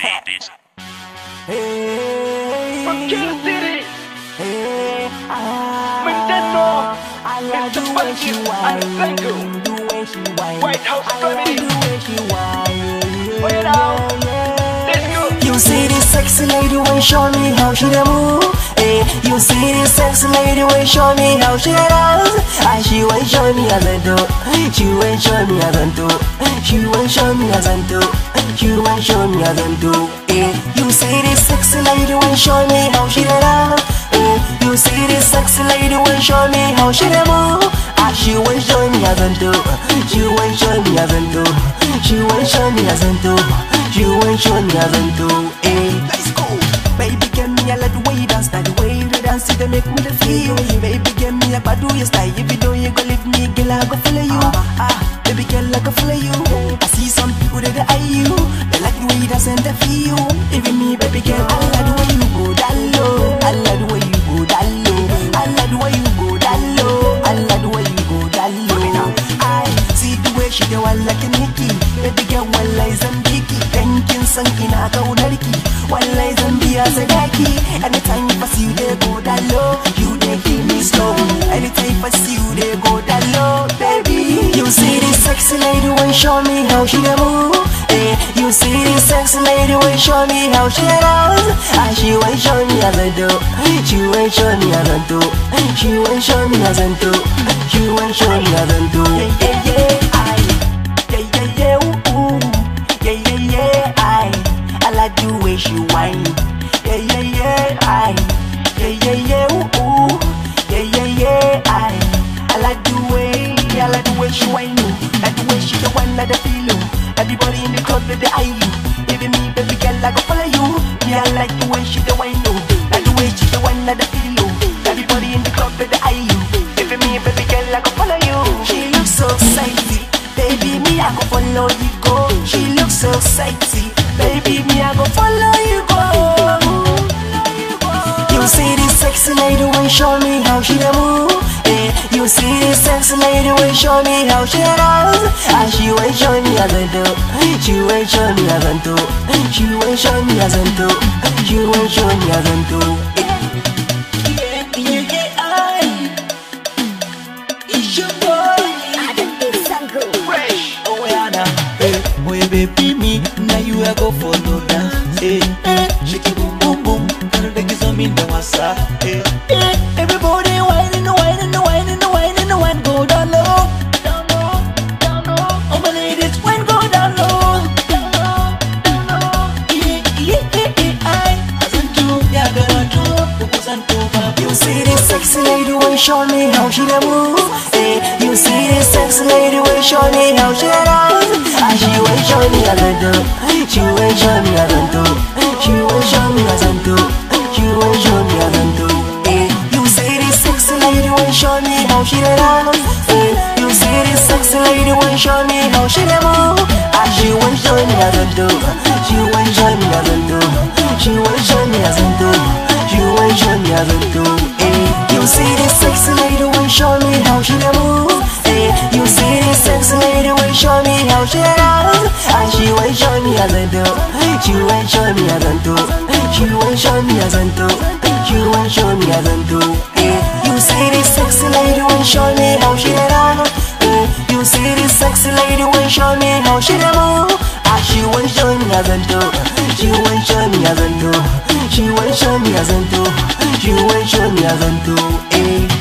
Fat Hey, From Kansas City. Hey, I, Mendendo. I love the way she I love The way she whine. White House family, I love the way she comedy. Wait out. Let's go. You see this sexy lady when show me how she move. You see this sexy lady will show me how she does And she will show me as I do She will show me as I do She will show me as I do She will show me as I do yeah. You see this sexy lady will show me how she does yeah. You see this sexy lady will show me how she move Ah, she will show me as I do She will show me as I do She will show me as I do She will show me as I do yeah. me the feel you Baby, give me a bad way style If you don't, you go leave me Girl, I go follow you Ah, baby girl, I go follow you I see some people that they eye you They like the way you dance and they feel Even me, baby girl, I like the way you go that low I like the way you go that low I like the way you go that low I like the way you go that low I see the way she do, I like a Nikki Baby girl, well, I am picky Thank you, son, in a go, Nariki Well, I am be as a Jackie when show me how she can move eh? You see this sexy lady when show me how she does ah, She show me as I do She you show me as I do She when show me as I do She when show me as I do the eye you. Baby me, baby girl, I go follow you. Me, I like the way she the wine you. Oh. Like the way she the wine at the pillow. Oh. Everybody in the club, the eye you. Baby me, baby girl, I go follow you. She looks so sexy. Baby me, I go follow you go. She looks so sexy. Baby me, I go follow you go. You see this sexy lady, when show me how she the You see this sexy lady wait show me how she does Ah, she wait show me as I do She wait show me as I do She wait show me as I do She wait show me as I do oh, eh, Baby me, now you a go follow dance. Hey, hey, eh, eh, shake it boom boom boom, gotta take it on me now, what's see this sexy lady when you show me how she dey move. Hey, you see this sexy lady when you show me how she dey dance. Ah, she when show me how to do, she when show me how to do, she when show me how to do, she when show me how to do. Hey, you see this sexy lady when you show me how she dey dance. Hey, you see this sexy lady when you show me how she dey move. Ah, she when show me how to You see this sexy lady when show me how she move hey, You see this sexy lady when show me how she love And she won't show me as I do She won't show me as I do She won't show me as I do She won't show me as I do hey, You see this sexy lady when show me how she love hey, You see this sexy lady when show me how she move And she won't show me as I do She won't show me as I do she won't show me as a zanto, she won't show me as a zanto, eh.